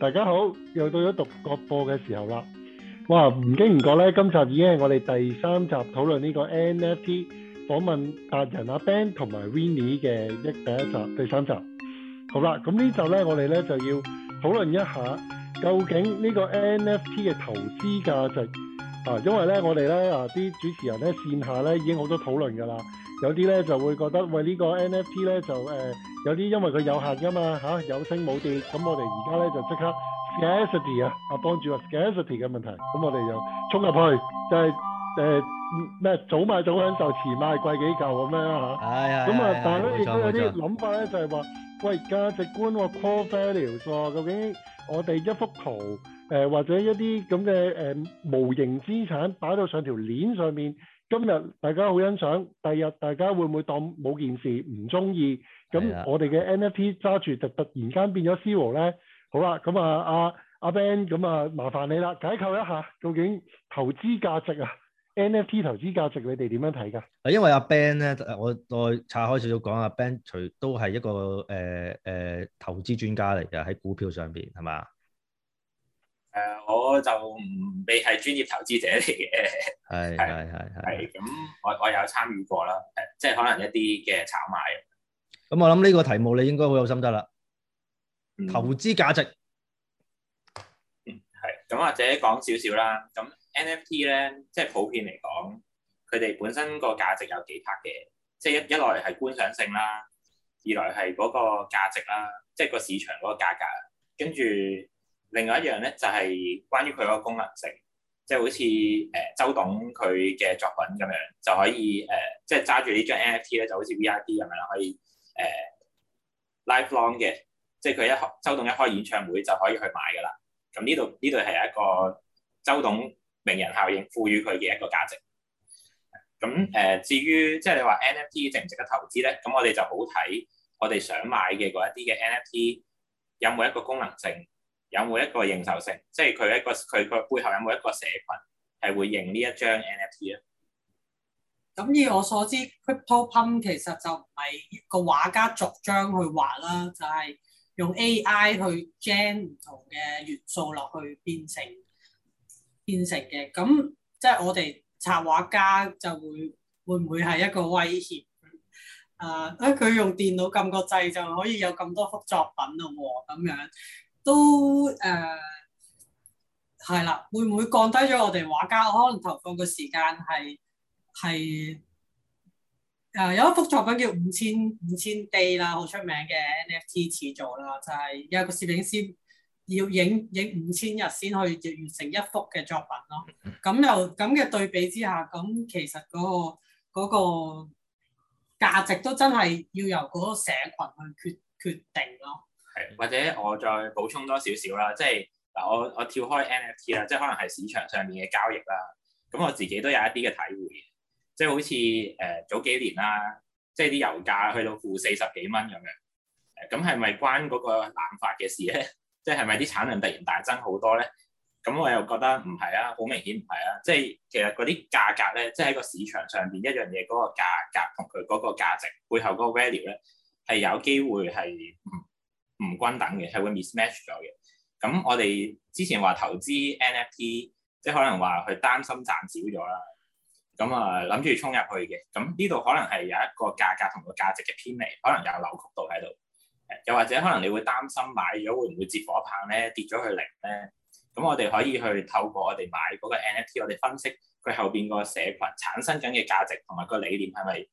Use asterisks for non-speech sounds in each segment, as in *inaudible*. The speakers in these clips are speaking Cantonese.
大家好，又到咗獨角播嘅時候啦。哇，唔經唔覺咧，今集已經係我哋第三集討論呢個 NFT 訪問達人阿 Ben 同埋 Winnie 嘅一第一集第三集。好啦，咁呢集咧，我哋咧就要討論一下，究竟呢個 NFT 嘅投資價值啊？因為咧，我哋咧啊啲主持人咧線下咧已經好多討論㗎啦，有啲咧就會覺得喂、呢個、呢個 NFT 咧就誒。呃有啲因為佢有限噶嘛嚇、啊，有升冇跌，咁我哋而家咧就即刻 scarcity 啊，啊幫住個 scarcity 嘅問題，咁我哋就衝入去，就係誒咩早買早享受，遲買貴幾嚿咁樣嚇。咁啊，但係咧亦都有啲諗法咧，就係、是、話喂，價值觀話 portfolio、啊啊、究竟我哋一幅圖誒、呃、或者一啲咁嘅誒無形資產擺到上條鏈上面。今日大家好欣賞，第日大家會唔會當冇件事唔中意？咁我哋嘅 NFT 揸住就突然間變咗 zero 咧。好啦，咁啊阿阿、啊、Ben，咁啊麻煩你啦，解構一下究竟投資價值啊，NFT 投資價值你哋點樣睇㗎？嗱，因為阿 Ben 咧，我再拆開少少講阿 Ben，除都係一個誒誒、呃呃、投資專家嚟嘅喺股票上邊，係嘛？誒，我就唔未係專業投資者嚟嘅 *laughs* 是，係係係係，咁我我有參與過啦，即係可能一啲嘅炒賣。咁我諗呢個題目你應該好有心得啦，投資價值，係，咁或者講少少啦，咁 NFT 咧，即係普遍嚟講，佢哋本身個價值有幾 part 嘅，即係一一來係觀賞性啦，二來係嗰個價值啦，即係個市場嗰個價格，跟住。另外一樣咧，就係、是、關於佢嗰個功能性，即係好似誒周董佢嘅作品咁樣，就可以誒、呃，即係揸住呢張 NFT 咧，就好似 VIP 咁樣，可以誒、呃、lifelong 嘅，即係佢一開周董一開演唱會就可以去買噶啦。咁呢度呢度係一個周董名人效應賦予佢嘅一個價值。咁誒、呃，至於即係你話 NFT 值唔值得投資咧，咁我哋就好睇我哋想買嘅嗰一啲嘅 NFT 有冇一個功能性。有冇一個認受性，即係佢一個佢佢背後有冇一個社群係會認呢一張 NFT 咧？咁以我所知，Crypto Pump 其實就唔係一個畫家逐張去畫啦，就係、是、用 AI 去 gen 唔同嘅元素落去變成變成嘅。咁即係我哋插畫家就會會唔會係一個威脅？誒誒，佢用電腦撳個掣就可以有咁多幅作品啦喎，咁樣。都誒係啦，會唔會降低咗我哋畫家可能投放嘅時間，係係誒有一幅作品叫五千五千 day 啦，好出名嘅 NFT 始祖啦，就係有個攝影師要影影五千日先去完成一幅嘅作品咯。咁又咁嘅對比之下，咁其實嗰個嗰個價值都真係要由嗰個社群去決決定咯。係，或者我再補充多少少啦，即係嗱，我我跳開 NFT 啦，即係可能係市場上面嘅交易啦。咁我自己都有一啲嘅體會，即係好似誒、呃、早幾年啦，即係啲油價去到負四十幾蚊咁樣，咁係咪關嗰個濫發嘅事咧？ *laughs* 即係係咪啲產量突然大增好多咧？咁我又覺得唔係啦，好明顯唔係啦。即係其實嗰啲價格咧，即係喺個市場上邊一樣嘢嗰、嗰個價格同佢嗰個價值背後嗰個 value 咧，係有機會係唔～唔均等嘅，係會 mismatch 咗嘅。咁我哋之前話投資 NFT，即係可能話佢擔心賺少咗啦。咁啊，諗住衝入去嘅。咁呢度可能係有一個價格同個價值嘅偏離，可能有扭曲度喺度。又或者可能你會擔心買咗會唔會接火棒咧，跌咗去零咧。咁我哋可以去透過我哋買嗰個 NFT，我哋分析佢後邊個社群產生緊嘅價值，同埋個理念係咪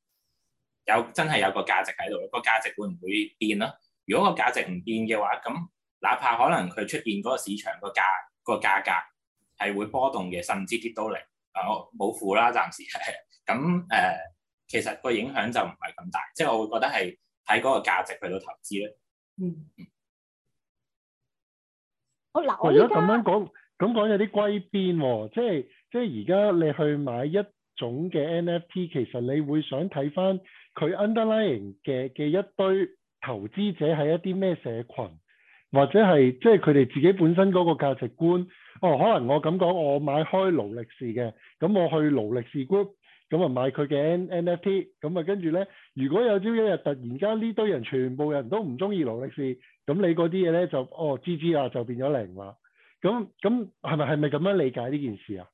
有真係有個價值喺度？個價值會唔會變咯？如果個價值唔變嘅話，咁哪怕可能佢出現嗰個市場個價、嗰個價格係會波動嘅，甚至跌到零啊！冇庫啦，暫時係咁誒、呃，其實個影響就唔係咁大，即係我會覺得係睇嗰個價值去到投資咧。嗯。我嗱，我依家如果咁樣講，咁講有啲歸邊喎，即係即係而家你去買一種嘅 NFT，其實你會想睇翻佢 underlying 嘅嘅一堆。投資者係一啲咩社群，或者係即係佢哋自己本身嗰個價值觀。哦，可能我咁講，我買開勞力士嘅，咁我去勞力士 group，咁啊買佢嘅 N NFT，咁啊跟住咧，如果有朝一日突然間呢堆人全部人都唔中意勞力士，咁你嗰啲嘢咧就哦，GG 啦就變咗零啦。咁咁係咪係咪咁樣理解呢件事啊？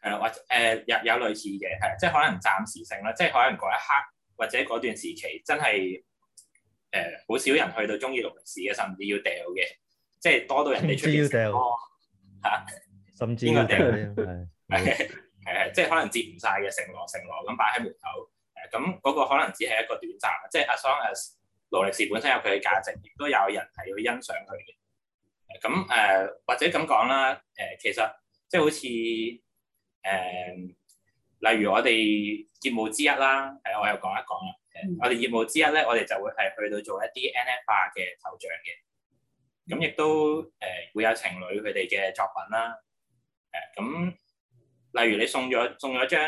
係啦，或者誒有有類似嘅係，即係可能暫時性啦，即係可能嗰一刻或者嗰段時期真係。誒，好少人去到鍾意勞力士嘅，甚至要掉嘅，即係多到人哋出面掉。甚至要掉，嚇？甚至應該掉，係係即係可能接唔晒嘅，成羅成羅咁擺喺門口。誒，咁嗰個可能只係一個短暫，即係 as long as 勞力士本身有佢嘅價值，亦都有人係要欣賞佢嘅。咁誒，或者咁講啦，誒，其實即係好似誒，例如我哋節目之一啦，誒，我又講一講啦。我哋業務之一咧，我哋就會係去到做一啲 NFT 嘅頭像嘅。咁亦都誒會有情侶佢哋嘅作品啦。誒咁，例如你送咗送咗張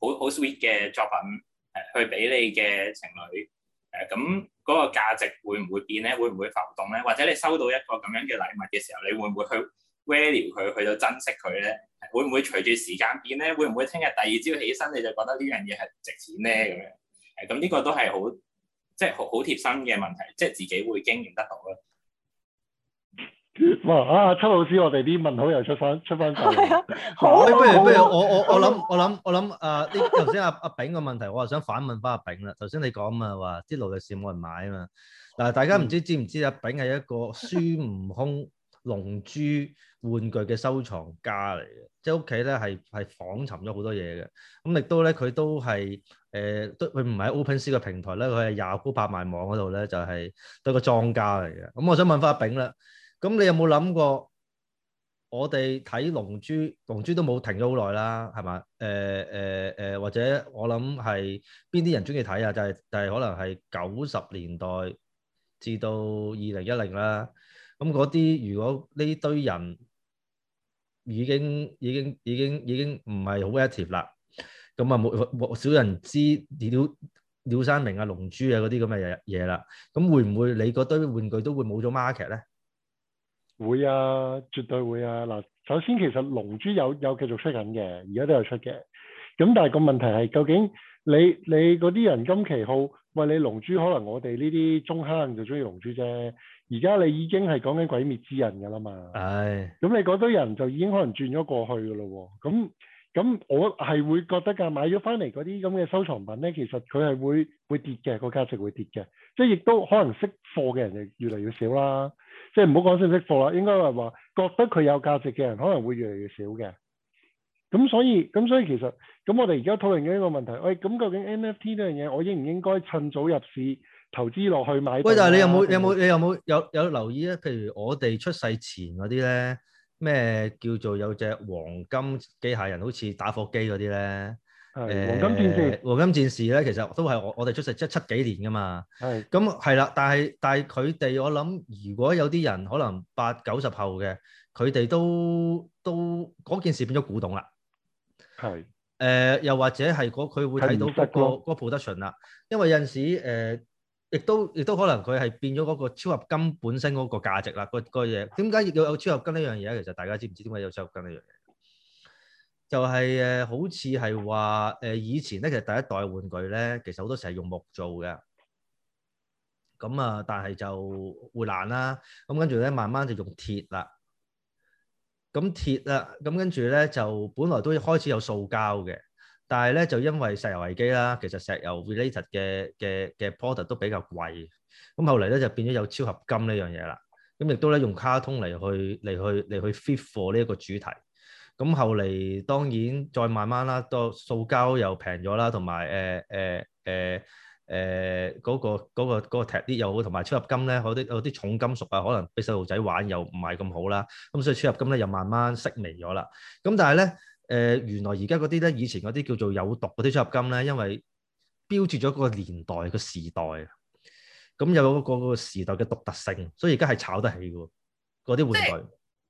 好好 sweet 嘅作品誒去俾你嘅情侶誒，咁嗰個價值會唔會變咧？會唔會浮動咧？或者你收到一個咁樣嘅禮物嘅時候，你會唔會去 value 佢去到珍惜佢咧？會唔會隨住時間變咧？會唔會聽日第二朝起身你就覺得呢樣嘢係唔值錢咧？咁樣？係咁呢個都係好，即係好好貼身嘅問題，即、就、係、是、自己會經驗得到啦。哇！阿秋老師，我哋啲問號又出翻出翻嚟。係不如不如我、啊、我我諗我諗我諗誒，頭先阿阿炳嘅問題，我又想反問翻阿炳啦。頭先你講啊話啲勞力士冇人買啊嘛，嗱，大家唔知、嗯、知唔知阿炳係一個孫悟空？龍珠玩具嘅收藏家嚟嘅，即係屋企咧係係仿尋咗好多嘢嘅，咁亦都咧佢都係誒、呃、都佢唔係 OpenSea 嘅平台咧，佢係 Yahoo 拍賣網嗰度咧就係、是、對個藏家嚟嘅。咁、嗯、我想問返阿 Ben 啦，咁、嗯、你有冇諗過我哋睇龍珠，龍珠都冇停咗好耐啦，係嘛？誒誒誒，或者我諗係邊啲人鍾意睇啊？就係、是、就係、是、可能係九十年代至到二零一零啦。咁嗰啲如果呢堆人已經已經已經已經唔係好 active 啦，咁啊冇冇少人知鳥鳥山明啊、龍珠啊嗰啲咁嘅嘢嘢啦，咁會唔會你嗰堆玩具都會冇咗 market 咧？會啊，絕對會啊！嗱，首先其實龍珠有有繼續出緊嘅，而家都有出嘅。咁但係個問題係，究竟你你嗰啲人今期好，喂你龍珠，可能我哋呢啲中坑就中意龍珠啫。而家你已經係講緊鬼滅之刃㗎啦嘛，係、哎，咁你嗰堆人就已經可能轉咗過去㗎咯喎，咁咁我係會覺得㗎，買咗翻嚟嗰啲咁嘅收藏品咧，其實佢係會會跌嘅，個價值會跌嘅，即係亦都可能識貨嘅人就越嚟越少啦，即係唔好講識唔識貨啦，應該話話覺得佢有價值嘅人可能會越嚟越少嘅，咁所以咁所以其實咁我哋而家討論緊呢個問題，喂、哎，咁究竟 NFT 呢樣嘢我應唔應該趁早入市？投資落去買，啊。喂，但係你有冇有冇你有冇有你有，有，有，有留意啊？譬如我哋出世前嗰啲咧，咩叫做有隻黃金機械人，好似打火機嗰啲咧？係的、呃、黃金戰士。黃金戰士咧，其實都係我我哋出世七幾年噶嘛。係的。咁係啦，但係但係佢哋，我諗如果有啲人可能八九十後嘅，佢哋都都嗰件事變咗古董啦。係的。誒、呃，又或者係佢會睇到嗰、那個嗰個布德遜啦，因為有陣時誒。呃亦都亦都可能佢係變咗嗰個超合金本身嗰個價值啦，個嘢點解要有超合金呢樣嘢啊？其實大家知唔知點解有超合金呢樣嘢？就係、是、誒，好似係話誒，以前咧其實第一代玩具咧，其實好多時係用木做嘅，咁啊，但係就會爛啦。咁跟住咧，慢慢就用鐵啦。咁鐵啊，咁跟住咧就本來都開始有塑膠嘅。但係咧，就因為石油危機啦，其實石油 related 嘅嘅嘅 product 都比較貴。咁後嚟咧就變咗有超合金呢樣嘢啦。咁亦都咧用卡通嚟去嚟去嚟去 fit 貨呢一個主題。咁後嚟當然再慢慢啦，都塑膠又平咗啦，同埋誒誒誒誒嗰個嗰、那個嗰啲、那個、又好，同埋超合金咧，嗰啲啲重金屬啊，可能俾細路仔玩又唔係咁好啦。咁所以超合金咧又慢慢式微咗啦。咁但係咧。誒、呃、原來而家嗰啲咧，以前嗰啲叫做有毒嗰啲出入金咧，因為標註咗嗰個年代、個時代，咁有嗰個個時代嘅獨特性，所以而家係炒得起嘅喎，嗰啲玩具。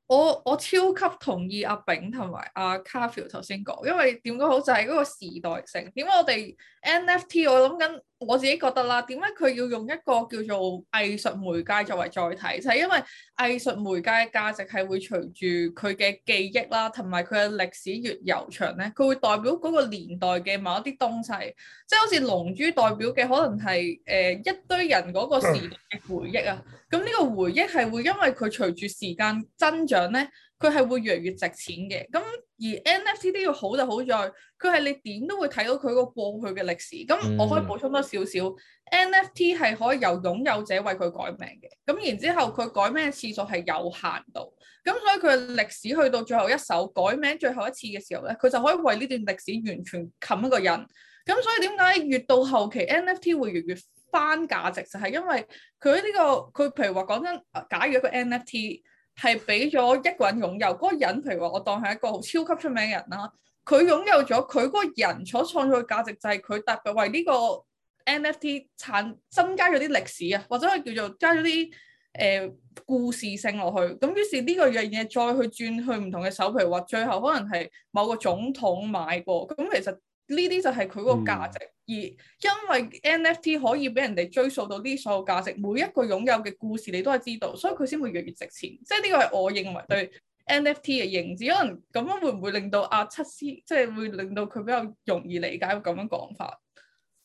我我超級同意阿炳同埋阿 Carful 頭先講，因為點都好就係嗰個時代性。點解我哋 NFT 我諗緊？我自己覺得啦，點解佢要用一個叫做藝術媒介作為載體？就係、是、因為藝術媒介嘅價值係會隨住佢嘅記憶啦，同埋佢嘅歷史越悠長咧，佢會代表嗰個年代嘅某一啲東西，即、就、係、是、好似龍珠代表嘅可能係誒、呃、一堆人嗰個時代嘅回憶啊。咁呢個回憶係會因為佢隨住時間增長咧。佢係會越嚟越值錢嘅，咁而 NFT 都要好就好在，佢係你點都會睇到佢個過去嘅歷史。咁我可以補充多少少、嗯、，NFT 係可以由擁有者為佢改名嘅。咁然之後佢改名嘅次數係有限度，咁所以佢嘅歷史去到最後一手改名最後一次嘅時候咧，佢就可以為呢段歷史完全冚一個印。咁所以點解越到後期 NFT 會越越翻價值？就係、是、因為佢呢、這個佢譬如話講真，假如一個 NFT。係俾咗一個人擁有，嗰個人譬如話我當係一個超級出名嘅人啦，佢擁有咗佢嗰個人所創造嘅價值，就係佢特別為呢個 NFT 產增加咗啲歷史啊，或者係叫做加咗啲誒故事性落去。咁於是呢個樣嘢再去轉去唔同嘅手，譬如話最後可能係某個總統買過，咁其實。呢啲就係佢個價值，嗯、而因為 NFT 可以俾人哋追溯到呢所有價值，每一個擁有嘅故事你都係知道，所以佢先會越嚟越值錢。即係呢個係我認為對 NFT 嘅認知，可能咁樣會唔會令到阿、啊、七師即係會令到佢比較容易理解？咁樣講法，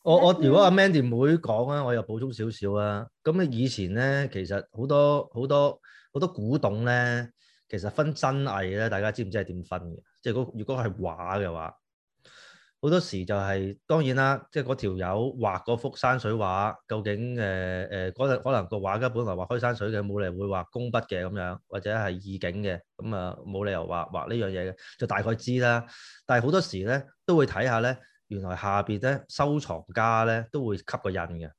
我我如果阿 Mandy 妹講啊，我又補充少少啊。咁咧以前咧，其實好多好多好多古董咧，其實分真偽咧，大家知唔知係點分嘅？即係如果如果係畫嘅話。好多時就係、是、當然啦，即係嗰條友畫嗰幅山水畫，究竟誒誒嗰可能個畫家本來畫開山水嘅，冇理由會畫工筆嘅咁樣，或者係意境嘅，咁啊冇理由畫畫呢樣嘢嘅，就大概知啦。但係好多時咧都會睇下咧，原來下邊咧收藏家咧都會吸個印嘅，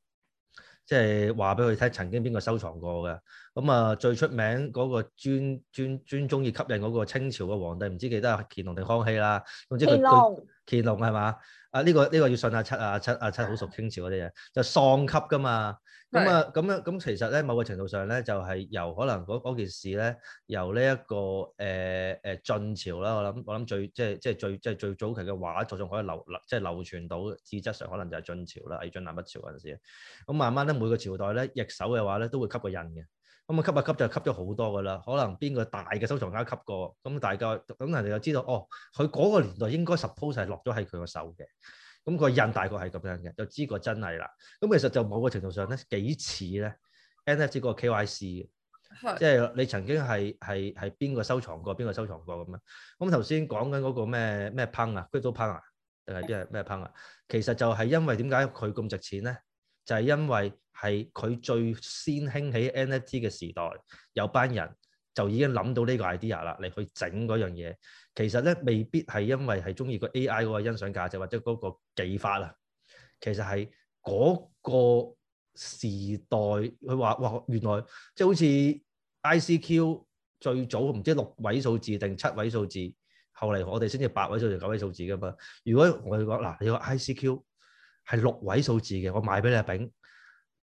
即係話俾佢聽曾經邊個收藏過嘅。咁、嗯、啊最出名嗰個專專專中意吸引嗰個清朝嘅皇帝，唔知記得係乾隆定康熙啦，總之佢。乾隆係嘛？啊呢、這個呢、這個要信下七啊七啊七，好、啊、熟清朝嗰啲嘢，就是、喪級㗎嘛。咁、嗯、是啊咁咧咁，樣樣其實咧某個程度上咧，就係、是、由可能嗰件事咧，由呢、這、一個誒誒、呃啊、晉朝啦，我諗我諗最即係即係最即係最早期嘅畫作仲可以流即係流傳到紙質上可能就係晉朝啦，魏晉南北朝嗰陣時。咁、嗯、慢慢咧每個朝代咧易手嘅話咧都會吸個印嘅。咁啊、嗯，吸啊吸就吸咗好多噶啦，可能邊個大嘅收藏家吸過，咁、嗯、大概咁人哋又知道，哦，佢嗰個年代應該 suppose 落咗喺佢個手嘅，咁個印大概係咁樣嘅，就知個真係啦。咁、嗯、其實就某個程度上咧幾似咧，NFT 個 KYC，是即係你曾經係係係邊個收藏過，邊個收藏過咁樣。咁頭先講緊嗰個咩咩 Punk 啊 Crypto Punk 啊，定係邊係咩 Punk 啊？其實就係因為點解佢咁值錢咧？就係、是、因為。係佢最先興起 NFT 嘅時代，有班人就已經諗到呢個 idea 啦，嚟去整嗰樣嘢。其實咧，未必係因為係中意個 AI 嗰個欣賞價值或者嗰個技法啦。其實係嗰個時代，佢話哇，原來即係好似 ICQ 最早唔知六位數字定七位數字，後嚟我哋先至八位數字九位數字㗎嘛。如果我哋講嗱，你個 ICQ 係六位數字嘅，我賣俾你，阿炳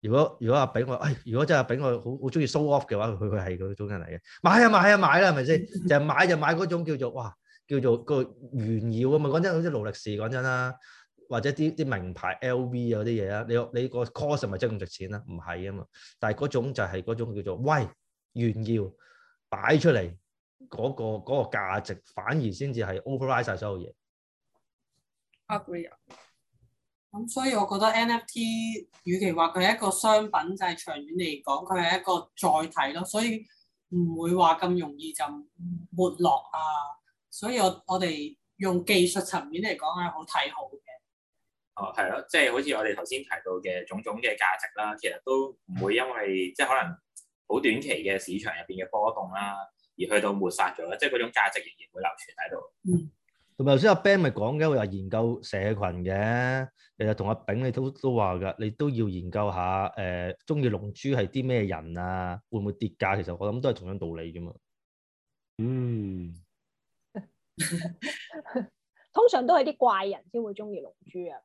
如果如果話俾我，哎，如果真係俾我好好中意 show off 嘅話，佢佢係嗰種人嚟嘅，買啊買啊買啦，啊，係咪先？就係、係、買就買嗰種叫做哇，叫做個炫耀啊嘛，講真好似勞力士講真啦，或者啲啲名牌 LV 啊嗰啲嘢啊。你你個 cost 係咪真咁值錢啊？唔係啊嘛，但係嗰種就係嗰種叫做喂，炫耀，擺出嚟嗰、嗰個嗰、嗰個價、嗰個、值反而先至係 override 晒所有嘢。Agree 啊。咁所以我覺得 NFT 與其話佢係一個商品，就係長遠嚟講，佢係一個載體咯，所以唔會話咁容易就沒落啊。所以我我哋用技術層面嚟講係好睇好嘅。哦，係咯，即係好似我哋頭先提到嘅種種嘅價值啦，其實都唔會因為即係可能好短期嘅市場入邊嘅波動啦，而去到抹殺咗啦，即係嗰種價值仍然會流傳喺度。嗯。同埋頭先阿 Ben 咪講嘅，佢話研究社群嘅，其實同阿炳你都都話噶，你都要研究下誒，中、呃、意龍珠係啲咩人啊？會唔會跌價？其實我諗都係同樣道理噶嘛。嗯。 *laughs* *laughs* 通常都係啲怪人先會中意龍珠啊。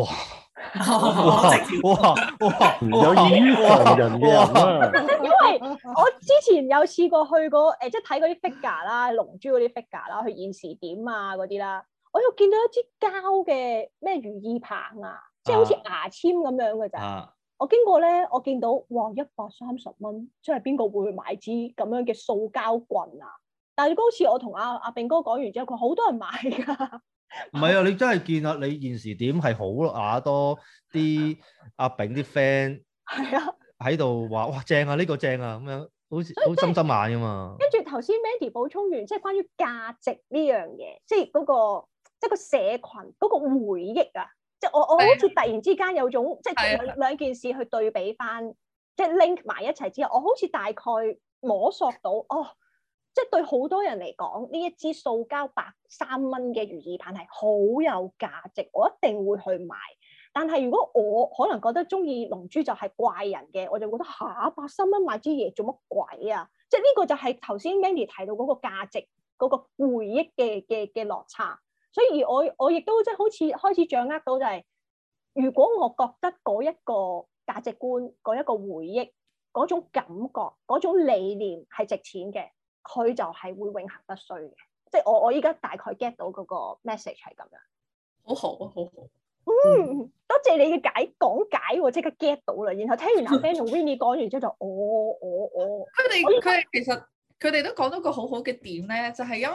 哇！ *laughs* 哇哇，有異於常人嘅人、啊、 *laughs* 因為我之前有試過去過，誒、呃，即係睇嗰啲 figure 啦，龍珠嗰啲 figure 啦，去現時點啊嗰啲啦，我又見到一支膠嘅咩如意棒啊，即係好似牙籤咁樣嘅咋？啊啊、我經過咧，我見到哇一百三十蚊，即係邊個會去買支咁樣嘅塑膠棍啊？但係嗰次我同阿阿炳哥講完之後，佢好多人買噶。 *laughs* 唔係 *laughs* 啊，你真係見啊！你現時點係好啊？多啲阿炳啲 friend 係啊，喺度話哇正啊，呢、呢個正啊，咁樣好似好心心眼噶嘛。跟住頭先 Mandy 補充完，即係關於價值呢樣嘢，即係、嗰、嗰個即係個社群嗰、嗰個回憶啊。即係我我好似突然之間有種即係兩兩件事去對比翻，即係 link 埋一齊之後，我好似大概摸索到哦。即係對好多人嚟講，呢一支塑膠百三蚊嘅如意棒係好有價值，我一定會去買。但係如果我可能覺得中意龍珠就係怪人嘅，我就覺得吓，百三蚊買支嘢做乜鬼啊！即係呢個就係頭先 Mandy 提到嗰個價值、嗰個回憶嘅嘅嘅落差。所以我我亦都即係好似開始掌握到就係，如果我覺得嗰一個價值觀、嗰一個回憶、嗰種感覺、嗰種理念係值錢嘅。佢就係會永恆不衰嘅，即係我我依家大概 get 到嗰個 message 係咁樣，好好好好，嗯，多謝你嘅解講解，我即刻 get 到啦。然後聽完阿 Ben 同 Winnie 講完之後就我我我，佢哋佢哋其實佢哋都講到個好好嘅點咧，就係因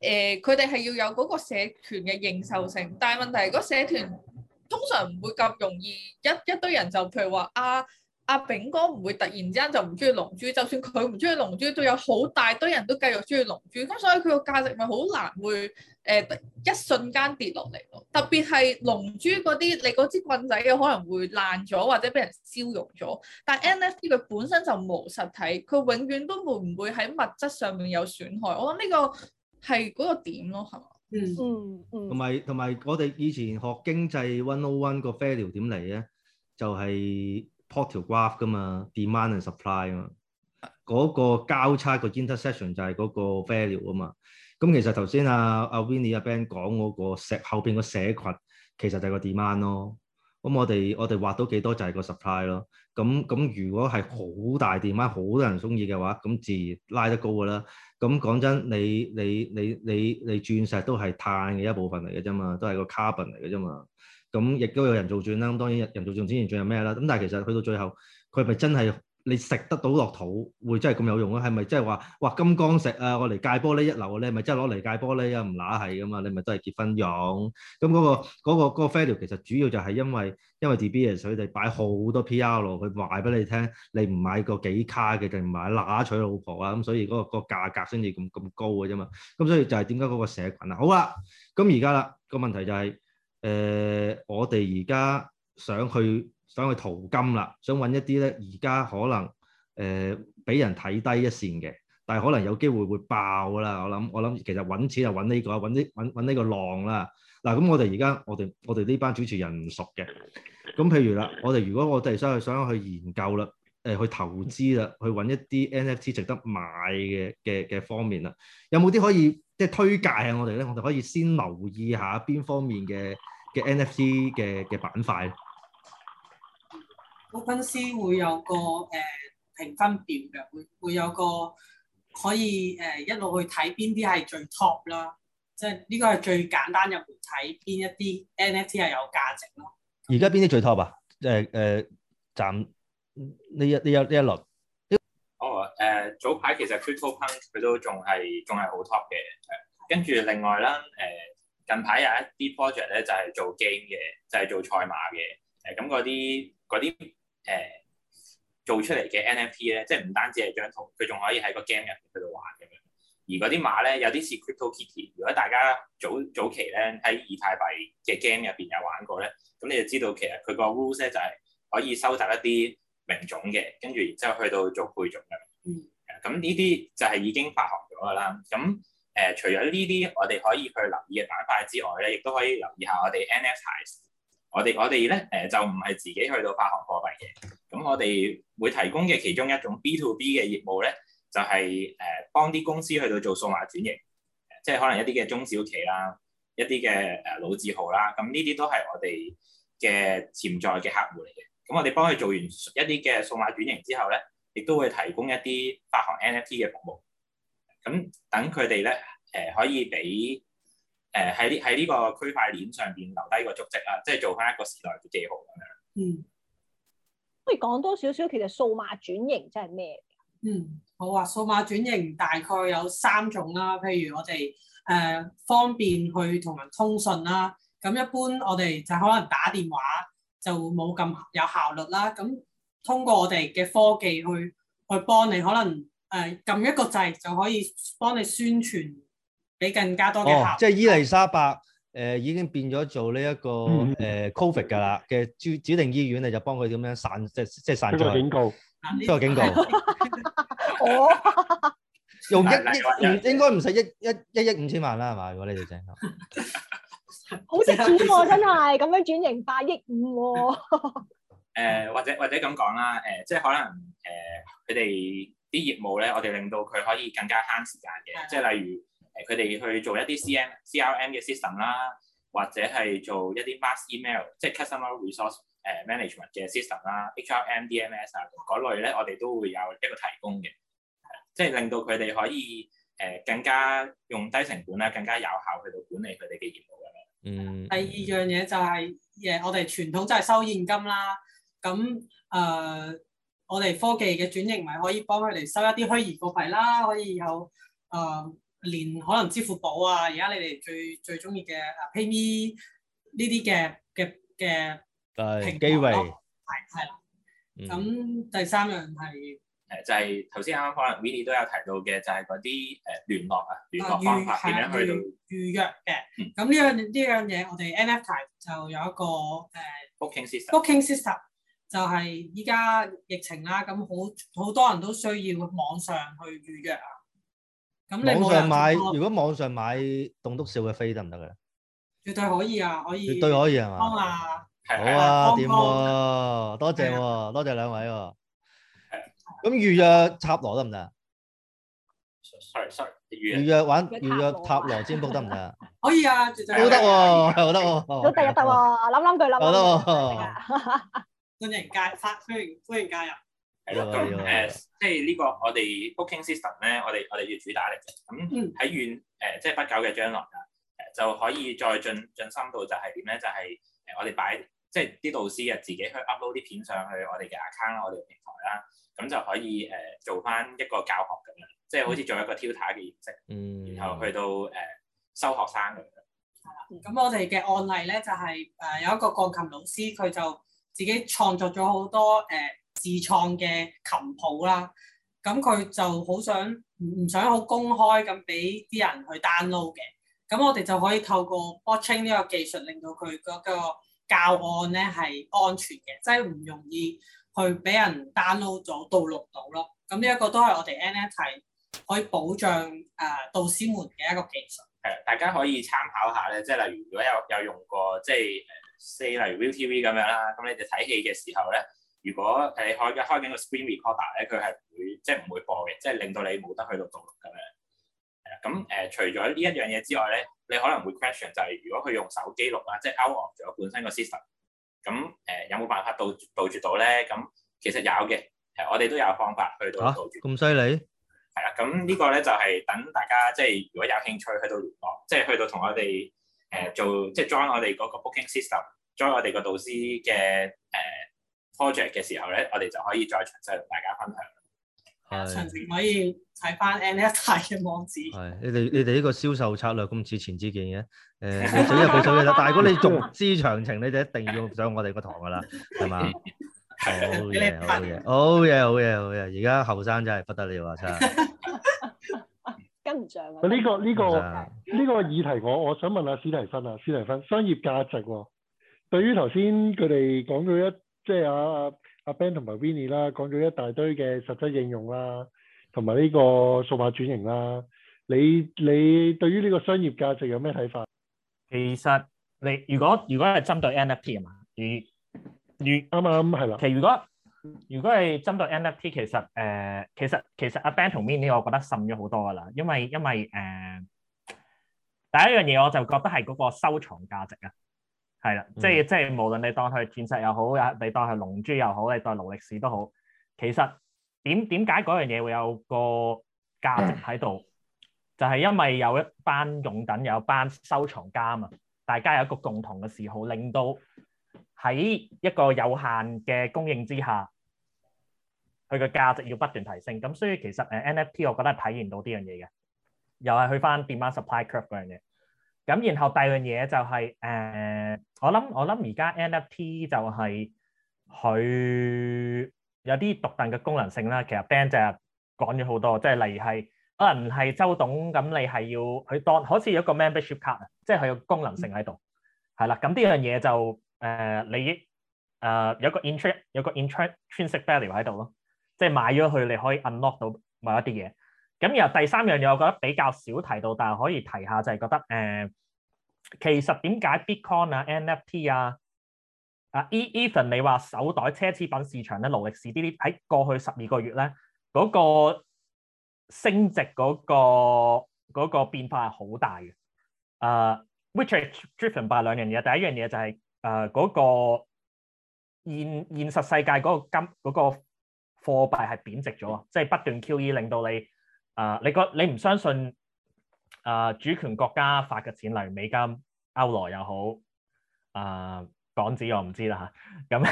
為誒佢哋係要有嗰個社團嘅認受性，但係問題係嗰社團通常唔會咁容易一一堆人就譬如話啊。阿炳哥唔會突然之間就唔中意龍珠，就算佢唔中意龍珠，都有好大堆人都繼續中意龍珠，咁所以佢個價值咪好難會誒、呃、一瞬間跌落嚟咯。特別係龍珠嗰啲，你嗰支棍仔嘅可能會爛咗或者俾人燒融咗，但 NFT 佢本身就冇實體，佢永遠都唔會喺物質上面有損害。我諗呢個係嗰個點咯，係嘛、嗯？嗯同埋同埋，我哋以前學經濟101個 failure 點嚟咧，就係、是。plot 條 graph 噶嘛，demand and supply 啊嘛，嗰 *music* 個交叉個 intersection 就係嗰個 value 啊嘛。咁其實頭先阿啊 Winnie、啊、阿、啊、Ben 講嗰個石後邊個社群其實就係個 demand 咯。咁我哋我哋畫到幾多就係個 supply 咯。咁咁如果係好大 demand 好多人中意嘅話，咁自然拉得高噶啦。咁講真，你你你你你鑽石都係碳嘅一部分嚟嘅啫嘛，都係個 carbon 嚟嘅啫嘛。咁亦都有人造鑽啦，咁當然人造種自然鑽係咩啦？咁但係其實去到最後，佢係咪真係你食得到落肚會真係咁有用咧？係咪即係話，哇金剛石啊，我嚟戒玻璃一流嘅咧，你咪真係攞嚟戒玻璃啊？唔乸係㗎嘛，你咪真係結婚用。咁嗰個嗰個嗰個 failure 其實主要就係因為因為 DBS 佢哋擺好多 PR 佢話俾你聽，你唔買個幾卡嘅，定買乸娶老婆啊？咁所以嗰個個價格先至咁咁高嘅啫嘛。咁所以就係點解嗰個社群啊？好啦，咁而家啦個問題就係。誒、呃，我哋而家想去想去淘金啦，想揾一啲咧，而家可能誒俾、呃、人睇低一線嘅，但係可能有機會會爆啦。我諗我諗，其實揾錢就揾呢、這個，揾啲揾揾呢個浪啦。嗱、啊，咁我哋而家我哋我哋呢班主持人唔熟嘅，咁譬如啦，我哋如果我哋想去想去研究啦，誒、呃、去投資啦，去揾一啲 NFT 值得買嘅嘅嘅方面啦，有冇啲可以？即係推介下我哋咧，我哋可以先留意下邊方面嘅嘅 NFT 嘅嘅板塊。我公司會有個誒、呃、評分表嘅，會會有個可以誒、呃、一路去睇邊啲係最 top 啦。即係呢個係最簡單入面睇邊一啲 NFT 係有價值咯。而家邊啲最 top 啊？誒、呃、誒，暫呢一呢一呢一輪。誒、呃、早排其實 Crypto Punk 佢都仲係仲係好 top 嘅。誒跟住另外啦，誒、啊、近排有一啲 project 咧就係做 game 嘅，就係、是、做賽馬嘅。誒咁嗰啲啲誒做出嚟嘅 NFT 咧，即係唔單止係張圖，佢仲可以喺個 game 入邊去到玩咁樣。而嗰啲馬咧有啲似 Crypto Kitty。如果大家早早期咧喺以太幣嘅 game 入邊有玩過咧，咁你就知道其實佢個 rules 咧就係可以收集一啲名種嘅，跟住然之後去到做配種嘅。咁呢啲就係已經發行咗噶啦。咁誒、呃，除咗呢啲我哋可以去留意嘅板塊之外咧，亦都可以留意下我哋 Nftize。我哋我哋咧誒，就唔係自己去到發行貨幣嘅。咁我哋會提供嘅其中一種 B to B 嘅業務咧，就係、是、誒、呃、幫啲公司去到做數碼轉型，即係可能一啲嘅中小企啦，一啲嘅誒老字號啦。咁呢啲都係我哋嘅潛在嘅客戶嚟嘅。咁我哋幫佢做完一啲嘅數碼轉型之後咧。亦都會提供一啲發行 NFT 嘅服務，咁等佢哋咧，誒、呃、可以俾誒喺呢喺呢個區塊鏈上邊留低個足跡啊，即係做翻一個時代嘅記號咁樣。嗯，不如講多少少其實數碼轉型真係咩？嗯，好啊，數碼轉型大概有三種啦，譬如我哋誒、呃、方便去同人通訊啦，咁一般我哋就可能打電話就冇咁有，有效率啦，咁。通過我哋嘅科技去去幫你，可能誒撳、呃、一個掣就可以幫你宣傳，俾更加多嘅客、哦、即係伊麗莎白誒、呃、已經變咗做呢、這、一個誒、呃、Covid 嘅啦嘅指指定醫院，你就幫佢點樣散即即係散咗警告，呢個警告。哦， *laughs* 用一億唔 *laughs* 應該唔使一一一億五千萬啦，係嘛？如果你哋整，好 *laughs* 值錢喎！真係咁 *laughs* *laughs* 樣轉型八億五。誒、呃、或者或者咁講啦，誒、呃、即係可能誒佢哋啲業務咧，我哋令到佢可以更加慳時間嘅，即係例如誒佢哋去做一啲 C R M 嘅 system 啦，或者係做一啲 mass email，即係 customer resource 誒 management 嘅 system 啦，H R M D M S 啊嗰類咧，我哋都會有一個提供嘅、啊，即係令到佢哋可以誒、呃、更加用低成本啦，更加有效去到管理佢哋嘅業務嘅。嗯，第二樣嘢就係、是、誒、嗯、我哋傳統就係收現金啦。咁誒、呃，我哋科技嘅轉型咪可以幫佢哋收一啲虛擬貨幣啦，可以有誒、呃、連可能支付寶啊，而家你哋最最中意嘅 PayMe 呢啲嘅嘅嘅平台咯，係、啊、係啦。咁第三樣係，誒，就係頭先啱啱可能 Winnie 都有提到嘅，就係嗰啲誒聯絡啊，聯絡方法點樣去到預約嘅。咁呢樣呢樣嘢，我哋 Nftize 就有一個誒、呃、booking system。Book 就係依家疫情啦，咁好好多人都需要網上去預約啊。咁你上買，如果網上買動篤笑嘅飛得唔得嘅？絕對可以啊，可以。絕對可以係嘛？好啊，點喎？多謝喎，多謝兩位喎。咁預約塔羅得唔得？sorry sorry，預約玩預約塔羅先 b 得唔得？可以啊，絕都得喎，都得喎，第得又得喎，諗諗佢諗。歡迎，歡，迎歡迎加入，歡迎歡迎加入。係咯，咁誒，即係呢個我哋 booking system 咧，我哋我哋要主打力嘅。咁喺遠誒，即係不久嘅將來啊、呃，就可以再進進深度就。就係點咧？就係誒，我哋擺即係啲導師啊，自己去 upload 啲片上去我哋嘅 account，我哋嘅平台啦，咁、啊、就可以誒、呃、做翻一個教學咁樣，即係好似做一個 tutor 嘅形式。嗯、然後去到誒、呃、收學生咁樣。係啦，咁我哋嘅案例咧就係、是、誒有一個鋼琴老師佢就。自己創作咗好多誒、呃、自創嘅琴譜啦，咁佢就好想唔想好公開咁俾啲人去 download 嘅，咁我哋就可以透過 blockchain 呢個技術，令到佢嗰個教案咧係安全嘅，即係唔容易去俾人 download 咗盜錄到咯。咁呢一個都係我哋 NFT 可以保障誒導師們嘅一個技術。係，大家可以參考下咧，即係例如如果有有用過，即係。四，例如 ViuTV 咁樣啦，咁你哋睇戲嘅時候咧，如果誒可以開緊個 screen recorder 咧，佢係唔會即係唔會播嘅，即係令到你冇得去到錄咁樣。誒咁誒，除咗呢一樣嘢之外咧，你可能會 question 就係、是、如果佢用手機錄啦，即係 out of 咗本身個 system，咁誒、呃、有冇辦法杜杜絕到咧？咁其實有嘅，誒我哋都有方法去到杜絕。嚇、啊，咁犀利？係啦，咁呢個咧就係等大家即係如果有興趣去到聯絡，即係去到同我哋。誒做即係 join 我哋嗰個 booking system，join 我哋個導師嘅誒、uh, project 嘅時候咧，我哋就可以再詳細同大家分享。詳是情可以睇翻 NFTize 嘅網址。係，你哋你哋呢個銷售策略咁似前之見嘅，誒做一個銷售嘅。但係如果你欲知詳情， *laughs* 你哋一定要上我哋個堂㗎啦，係嘛？好嘢好嘢好嘢好嘢好嘢！而家後生真係不得了啊，真係。跟唔上呢、呢個呢、嗯呢個呢 *laughs* 個議題我，我我想問下、啊、史提芬啊，史提芬，商業價值喎、哦，對於頭先佢哋講咗一，即係阿阿 Ben 同埋 Winnie 啦，講咗一大堆嘅實質應用啦，同埋呢個數碼轉型啦，你你對於呢個商業價值有咩睇法？其實你如果如果係針對 NFT 啊嘛，如如啱啱係啦，啱啱其實如果。如果係針對 NFT，其實誒、呃，其實其實阿 Ben 同 Winnie，我覺得滲咗好多噶啦，因為因為誒、呃、第一樣嘢，我就覺得係嗰個收藏價值啊，係啦、嗯，即係即係無論你當佢鑽石又好，又你當佢龍珠又好，你當勞力士都好，其實點點解嗰樣嘢會有個價值喺度？ *coughs* 就係因為有一班擁躉，有一班收藏家嘛，大家有一個共同嘅嗜好，令到喺一個有限嘅供應之下，佢個價值要不斷提升，咁所以其實誒 NFT 我覺得體現到呢樣嘢嘅，又係去翻變翻 supply curve 嗰樣嘢。咁然後第二樣嘢就係、是、誒、呃，我諗我諗而家 NFT 就係佢有啲獨特嘅功能性啦。其實 Ben 就係講咗好多，即係例如係可能係周董咁，你係要去當好似一個 membership card 啊，即係佢有功能性喺度係啦。咁呢樣嘢就誒利益有個 interest 有個 interest intrinsic value 喺度咯。即係買咗佢，你可以 unlock 到某一啲嘢。咁然後第三樣嘢我覺得比較少提到，但係可以提下就係覺得誒、呃，其實點解 Bitcoin 啊、NFT 啊、啊 Even 你話手袋奢侈品市場咧，勞力士呢啲喺過去十二個月咧嗰、嗰個升值嗰、嗰個嗰、嗰個變化係好大嘅。誒、呃，which is driven by 兩樣嘢，第一樣嘢就係誒嗰個現現實世界嗰個金嗰、嗰個貨幣係貶值咗啊！即係不斷 QE 令到你啊、呃，你個你唔相信啊、呃、主權國家發嘅錢，例如美金、歐羅又好啊、呃、港紙，我唔知啦嚇。咁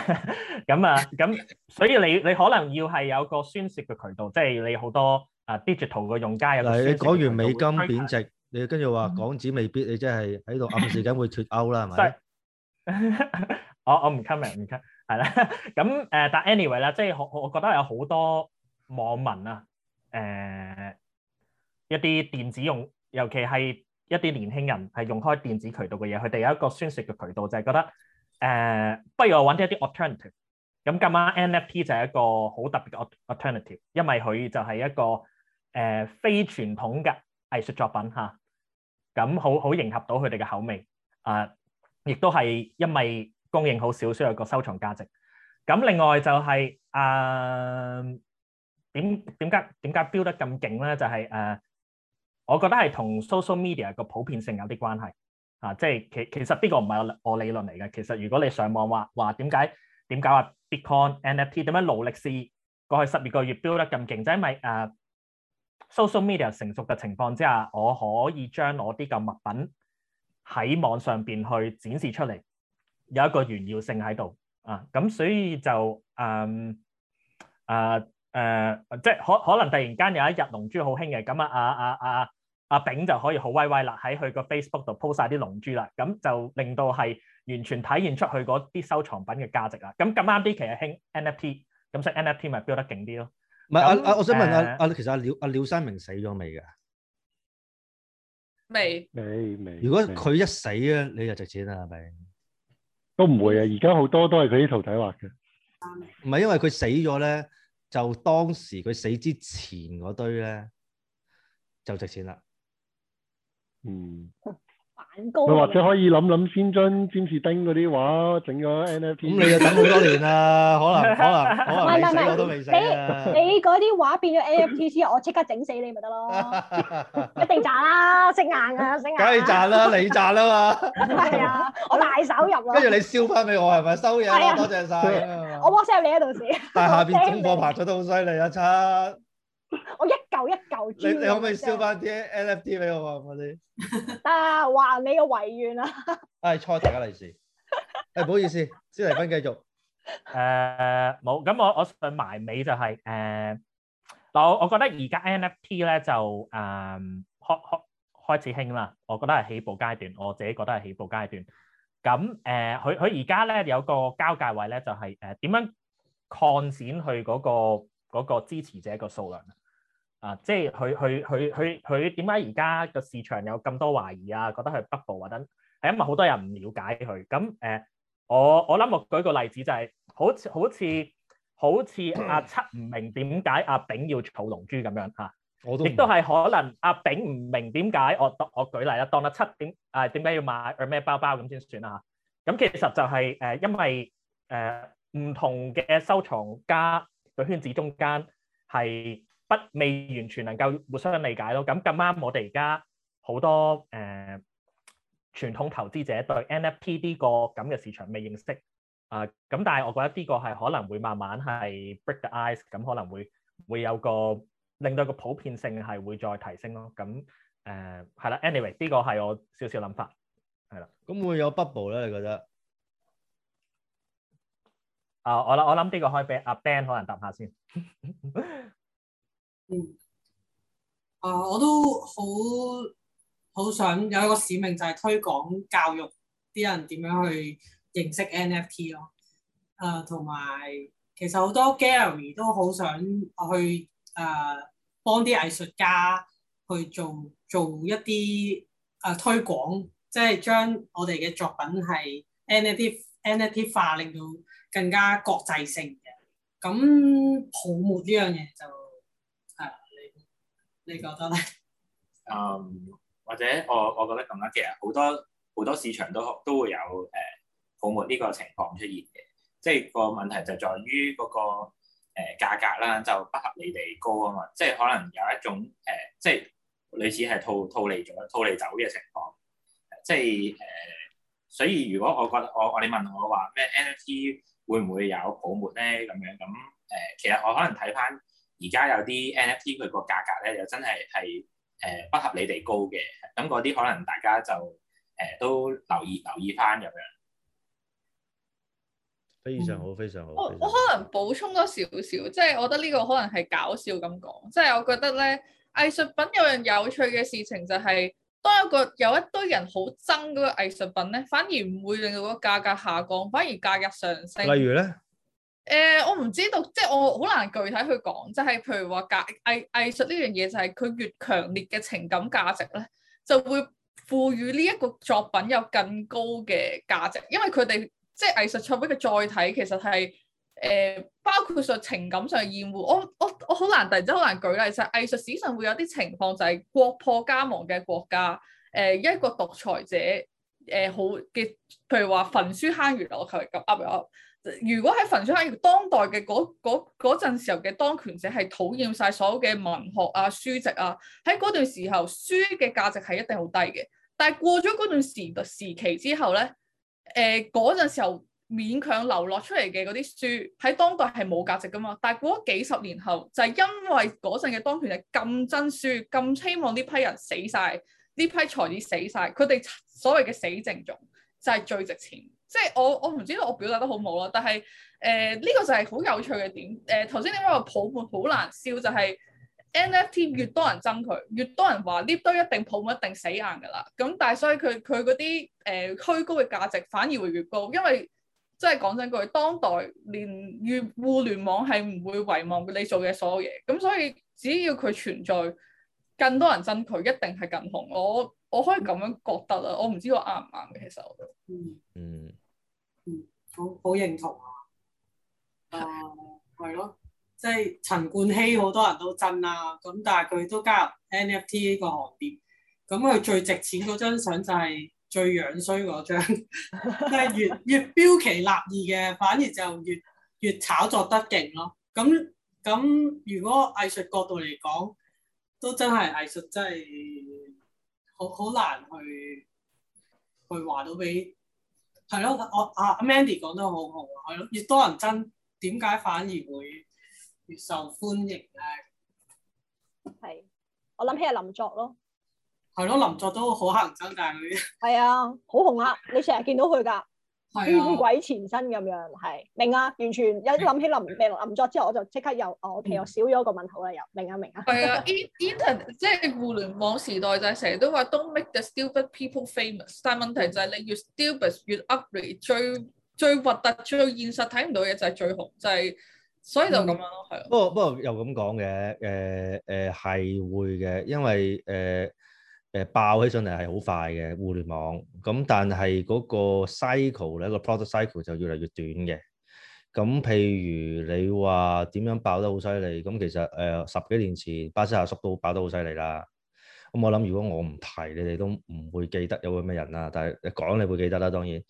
咁啊，咁、啊、所以你你可能要係有個宣泄嘅渠道，即係你好多啊、呃、digital 嘅用家有你講完美金貶值，你跟住話港紙未必，嗯、你即係喺度暗示緊會脱歐啦，係咪 *laughs* *laughs* 我我唔明唔明。係啦，咁誒，但 anyway 咧，即係我我覺得有好多網民啊，誒、呃、一啲電子用，尤其係一啲年輕人係用開電子渠道嘅嘢，佢哋有一個宣泄嘅渠道，就係、是、覺得誒、呃，不如我揾啲一啲 alternative。咁今晚 NFT 就係一個好特別嘅 alternative，因為佢就係一個誒、呃、非傳統嘅藝術作品嚇，咁、啊、好好迎合到佢哋嘅口味啊，亦都係因為。供應好少，所以有個收藏價值。咁另外就係誒點點解點解飆得咁勁咧？就係、是、誒、呃，我覺得係同 social media 個普遍性有啲關係啊。即係其其實呢個唔係我理論嚟嘅。其實如果你上網話話點解點解話 bitcoin NFT 點樣勞力士過去十二個月飆得咁勁，就是、因為誒 social media 成熟嘅情況之下，我可以將我啲嘅物品喺網上邊去展示出嚟。有一個炫耀性喺度啊，咁所以就嗯啊誒，即係可可能突然間有一日龍珠好興嘅，咁啊啊啊啊阿炳就可以好威威啦，喺佢個 Facebook 度 po 曬啲龍珠啦，咁就令到係完全體現出佢嗰啲收藏品嘅價值啦。咁咁啱啲，其實興 NFT，咁所以 NFT 咪飆得勁啲咯。唔係啊啊，我想問下啊啊，其實阿廖阿廖山明死咗未㗎？未未未。如果佢一死啊，你就值錢啊咪？都唔會啊！而家好多都係佢啲徒弟畫嘅，唔係因為佢死咗咧，就當時佢死之前嗰堆咧就值錢啦，嗯。佢或者可以諗諗先，將尖士丁嗰啲畫整咗 NFT。咁你就等好多年啦，可能可能可能錢攞都未成啊！你你嗰啲畫變咗 NFT 之後，我即刻整死你咪得咯，一定賺啦，識硬啊，識硬。梗係賺啦，你賺啊嘛。係啊，我大手入。跟住你燒翻俾我，係咪收嘢啊？多謝晒。我 WhatsApp 你啊，喺度。但係下邊整貨排咗都好犀利啊，七。我一嚿一嚿磚。你可唔可以燒翻啲 NFT 俾我啊？嗰啲啊，還你個遺願啦。係錯大家利是。誒、哎，唔好意思，Winnie 繼續。誒、呃，冇。咁我我埋尾就係、是、誒，嗱，我我覺得而家 NFT 咧就誒開開開始興啦。我覺得係、呃、起步階段，我自己覺得係起步階段。咁誒，佢佢而家咧有個交界位咧，就係誒點樣擴展去嗰、那個。嗰個支持者個數量啊，即係佢佢佢佢佢點解而家個市場有咁多懷疑啊？覺得係北部或者係因為好多人唔了解佢。咁誒、呃，我我諗我舉個例子就係、是，好似好似好似阿、啊、七唔明點解阿炳要儲龍珠咁樣嚇，我都。亦都係可能阿炳唔明點解我當我，我舉例啦，當阿七點誒點解要買咩包包咁先算啦嚇。咁其實就係、是、誒、呃，因為誒唔、呃、同嘅收藏家。個圈子中間係不未完全能夠互相理解咯。咁咁啱，我哋而家好多誒傳統投資者對 NFT 呢、這個咁嘅市場未認識啊。咁、呃、但係我覺得呢個係可能會慢慢係 break the ice，咁可能會會有個令到個普遍性係會再提升咯。咁誒係啦。anyway，呢個係我少少諗法。係啦。咁會有 bubble 咧？你覺得？啊！我啦，我諗呢個開俾阿 Ben 可能答下先。嗯，啊，我都好好想有一個使命，就係推廣教育啲人點樣去認識 NFT 咯、uh,。誒，同埋其實好多 Gallery 都好想去誒、uh, 幫啲藝術家去做做一啲誒、uh, 推廣，即係將我哋嘅作品係 NFT NFT 化，令到更加國際性嘅，咁泡沫呢樣嘢就係你，你覺得咧？啊，um, 或者我我覺得咁樣，其實好多好多市場都都會有誒、呃、泡沫呢個情況出現嘅，即係個問題就在於嗰、那個誒、呃、價格啦，就不合理地高啊嘛，即係可能有一種誒、呃，即係類似係套套嚟咗、套嚟走嘅情況，即係誒、呃，所以如果我覺得我我你問我話咩 NFT？會唔會有泡沫咧？咁樣咁誒、呃，其實我可能睇翻而家有啲 NFT 佢個價格咧，又真係係誒不合理地高嘅。咁嗰啲可能大家就誒、呃、都留意留意翻咁樣。非常好，非常好。我可能補充多少少，即係我覺得呢個可能係搞笑咁講。即係我覺得咧，藝術品有樣有趣嘅事情就係。當一個有一堆人好憎嗰個藝術品咧，反而唔會令到個價格下降，反而價格上升。例如咧？誒、呃，我唔知道，即係我好難具體去講，即、就、係、是、譬如話，藝藝藝術呢樣嘢就係佢越強烈嘅情感價值咧，就會賦予呢一個作品有更高嘅價值，因為佢哋即係藝術作品嘅載體其實係。誒、呃，包括上情感上厭惡，我我我好難，突然之間好難舉例。其、就、實、是、藝術史上會有啲情況，就係、是、國破家亡嘅國家，誒、呃、一個獨裁者，誒、呃、好嘅，譬如話焚書坑儒啊，我求其噉噏咗。如果喺焚書坑儒當代嘅嗰嗰陣時候嘅當權者係討厭晒所有嘅文學啊書籍啊，喺嗰段時候書嘅價值係一定好低嘅。但係過咗嗰段時時期之後咧，誒嗰陣時候。勉強流落出嚟嘅嗰啲書喺當代係冇價值噶嘛，但係過咗幾十年後就係、是、因為嗰陣嘅當權係咁真書，咁希望呢批人死晒，呢批才子死晒，佢哋所謂嘅死剩種就係、是、最值錢，即係我我唔知道我表達得好唔好啦，但係誒呢個就係好有趣嘅點，誒頭先點解話泡沫好難消就係、是、NFT 越多人憎佢，越多人話呢堆一定泡沫一定死硬噶啦，咁但係所以佢佢嗰啲誒虛高嘅價值反而會越高，因為。即係講真句，當代連越互聯網係唔會遺忘你做嘅所有嘢，咁所以只要佢存在，更多人憎佢一定係更紅。我我可以咁樣覺得啦，我唔知道我啱唔啱嘅，其實、嗯。嗯嗯嗯，好好認同啊！啊，係咯，即係陳冠希好多人都震啊，咁但係佢都加入 NFT 呢個行業，咁佢最值錢嗰張相就係、是。最樣衰嗰張， *laughs* 但係越越標奇立異嘅，反而就越越炒作得勁咯。咁咁，如果藝術角度嚟講，都真係藝術真係好好難去去話到俾係咯。我阿 Mandy 講得好好啊，係咯。越多人爭，點解反而會越受歡迎咧？係，我諗起阿林作咯。係咯，林作都好黑人憎，但係佢。啲係啊，好紅啊！你成日見到佢噶，冤鬼纏身咁樣，係明啊？完全有啲諗起林咩林作之後，我就即刻又我其實少咗個問號啦，又明啊？明啊？係啊，Internet 即係互聯網時代就係成日都話，Don't make the stupid people famous，但係問題就係你越 stupid 越 ugly 最最核突、最現實睇唔到嘢就係最紅，就係所以就咁樣咯，係。不過不過又咁講嘅，誒誒係會嘅，因為誒。誒爆起上嚟係好快嘅互聯網，咁但係嗰個 cycle 咧，個 product cycle 就越嚟越短嘅。咁譬如你話點樣爆得好犀利，咁其實誒、呃、十幾年前巴士阿叔都爆得好犀利啦。咁我諗如果我唔提，你哋都唔會記得有個咩人啊。但係你講你會記得啦，當然。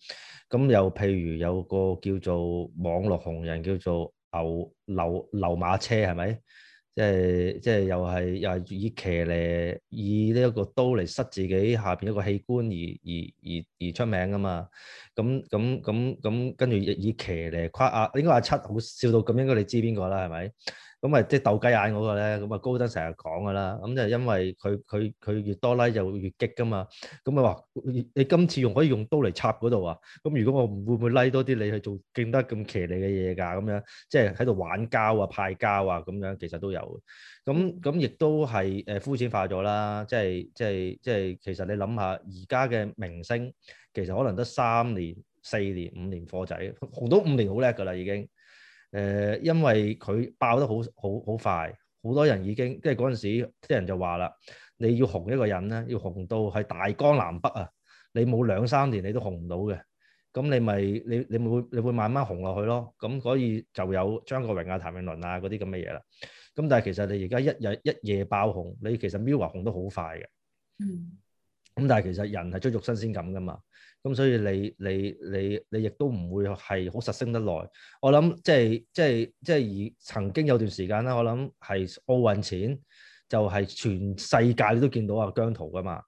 咁又譬如有個叫做網絡紅人叫做牛劉劉馬車係咪？是即係即係又係又係以騎嚟以呢一個刀嚟塞自己下邊一個器官，而而而而出名㗎嘛？咁咁咁咁跟住以騎嚟誇啊！應該阿七好笑到咁，應該你知邊個啦？係咪？咁啊，即係鬥雞眼嗰個咧，咁啊高登成日講噶啦，咁就因為佢佢佢越多 like 就越激噶嘛，咁啊話你今次用可以用刀嚟插嗰度啊？咁如果我唔會唔會 like 多啲，你去做見得咁騎呢嘅嘢㗎？咁樣即係喺度玩膠啊、派膠啊咁樣，其實都有。咁咁亦都係誒膚淺化咗啦，即係即係即係，其實你諗下，而家嘅明星其實可能得三年、四年、五年貨仔，紅到五年好叻㗎啦，已經。誒，因為佢爆得好好好快，好多人已經即係嗰陣時啲人就話啦，你要紅一個人咧，要紅到係大江南北啊，你冇兩三年你都紅唔到嘅，咁你咪你你，你會你會慢慢紅落去咯，咁所以就有張國榮啊、譚詠麟啊嗰啲咁嘅嘢啦，咁但係其實你而家一日一夜爆紅，你其實秒話紅得好快嘅。嗯。咁但係其實人係追逐新鮮感㗎嘛，咁所以你你你你亦都唔會係好實升得耐。我諗即係即係即係而曾經有段時間啦，我諗係奧運前就係、是、全世界都見到阿姜濤㗎嘛。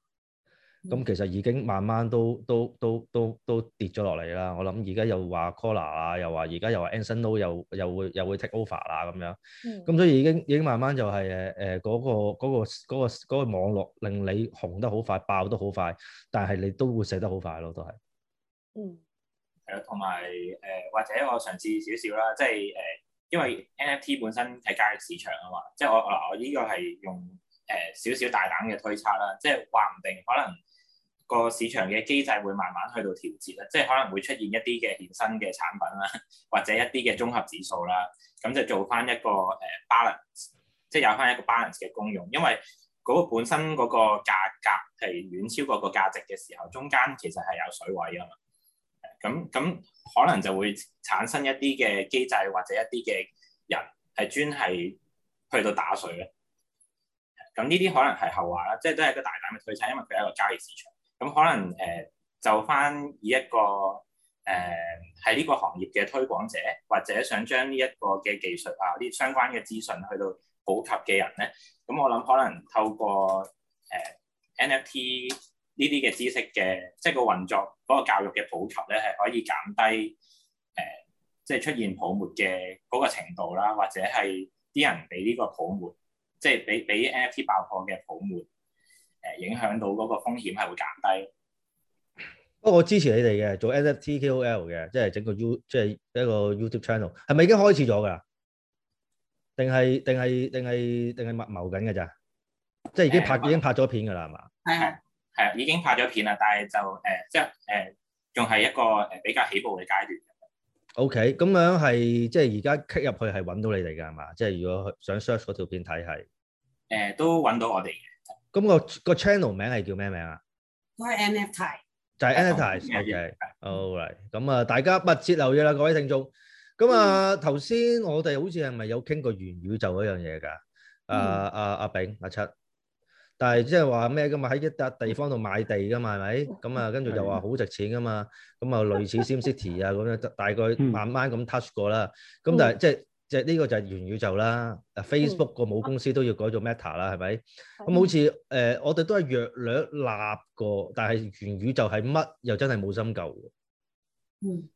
咁、嗯、其實已經慢慢都都都都都跌咗落嚟啦。我諗而家又話 Cola 啊，又話而家又話 Anson Lo 又又會又會 take over 啦咁樣。咁、嗯、所以已經已經慢慢就係誒誒嗰個嗰、嗰個嗰、嗰個嗰個網絡令你紅得好快，爆得好快，但係你都會死得好快咯，都係。嗯，係咯，同埋誒或者我嘗試少少啦，即係誒，因為 NFT 本身係加密市場啊嘛，即、就、係、係、我嗱我呢個係用誒少少大膽嘅推測啦，即係話唔定可能。個市場嘅機制會慢慢去到調節啦，即係可能會出現一啲嘅衍生嘅產品啦，或者一啲嘅綜合指數啦，咁就做翻一個誒 balance，即係有翻一個 balance 嘅功用，因為嗰個本身嗰個價格係遠超過個價值嘅時候，中間其實係有水位啊嘛，咁咁可能就會產生一啲嘅機制或者一啲嘅人係專係去到打水咧，咁呢啲可能係後話啦，即係都係一個大膽嘅推測，因為佢係一個交易市場。咁可能誒，就翻以一個誒喺呢個行業嘅推廣者，或者想將呢一個嘅技術啊，啲相關嘅資訊去到普及嘅人咧，咁我諗可能透過誒 NFT 呢啲嘅知識嘅，即係個運作個教育嘅普及咧，係可以減低誒，即係出現泡沫嘅嗰個程度啦，或者係啲人俾呢個泡沫，即係俾俾 NFT 爆破嘅泡沫。誒，影響到嗰個風險係會減低。不過、哦、我支持你哋嘅，做 NFT KOL 嘅，即係整個 You，即係一個 YouTube channel，係咪已經開始咗噶？定係定係定係定係密謀緊嘅咋？即係已經拍、呃、已經拍咗片噶啦，係嘛？係係，已經拍咗片啦，但係就誒、呃，即係誒，仲、呃、係一個誒比較起步嘅階段。OK，咁樣係即係而家撳入去係搵到你哋噶，係嘛？即係如果想 search 嗰條片睇係，誒、呃，都搵到我哋嘅。咁個個 channel 名係叫咩名啊？都係 NFTize，就係 NFTize。O.K.，All right。咁啊，大家密切留意啦，各位聽眾。咁啊，頭先我哋好似係咪有傾過元宇宙嗰樣嘢噶？阿阿阿炳、阿七，但係即係話咩噶嘛？喺一笪地方度買地噶嘛？係咪？咁啊，跟住就話好值錢噶嘛？咁啊，類似 SimCity 啊咁樣，大概慢慢咁 touch 過啦。咁但係即係。即係呢個就係元宇宙啦、嗯、，Facebook 個母公司都要改做 Meta 啦，係咪、嗯？咁吧好似誒、呃，我哋都係略略立過，但係元宇宙係乜？又真係冇心構。嗯、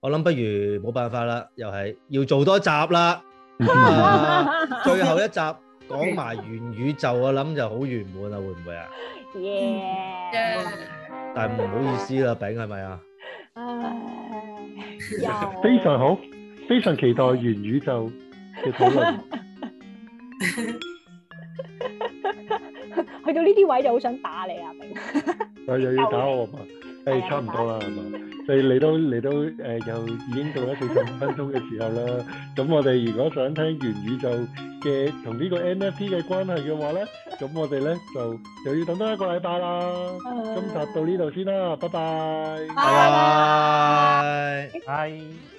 我諗不如冇辦法啦，又係要做多集啦、 *laughs* 啊。最後一集講埋元宇宙，我諗就好圓滿啦，會唔會啊 Yeah, yeah. 但係唔好意思啦，餅係咪啊？Uh, yeah. *laughs* 非常好。非常期待元宇宙嘅討論。 *laughs* 去到呢啲位就好想打你啊！我 *laughs* *laughs* 又要打我嘛？誒、哎，打打差唔多啦，係嘛？ *laughs* 所以你都嚟到，誒，又、呃、已經到咗四十五分鐘嘅時候啦。咁 *laughs* 我哋如果想聽元宇宙嘅同呢個 NFT 嘅關係嘅話咧，咁我哋咧就又要等多一個禮拜啦。咁、哎、呀集到呢度先啦，拜拜。拜拜。係。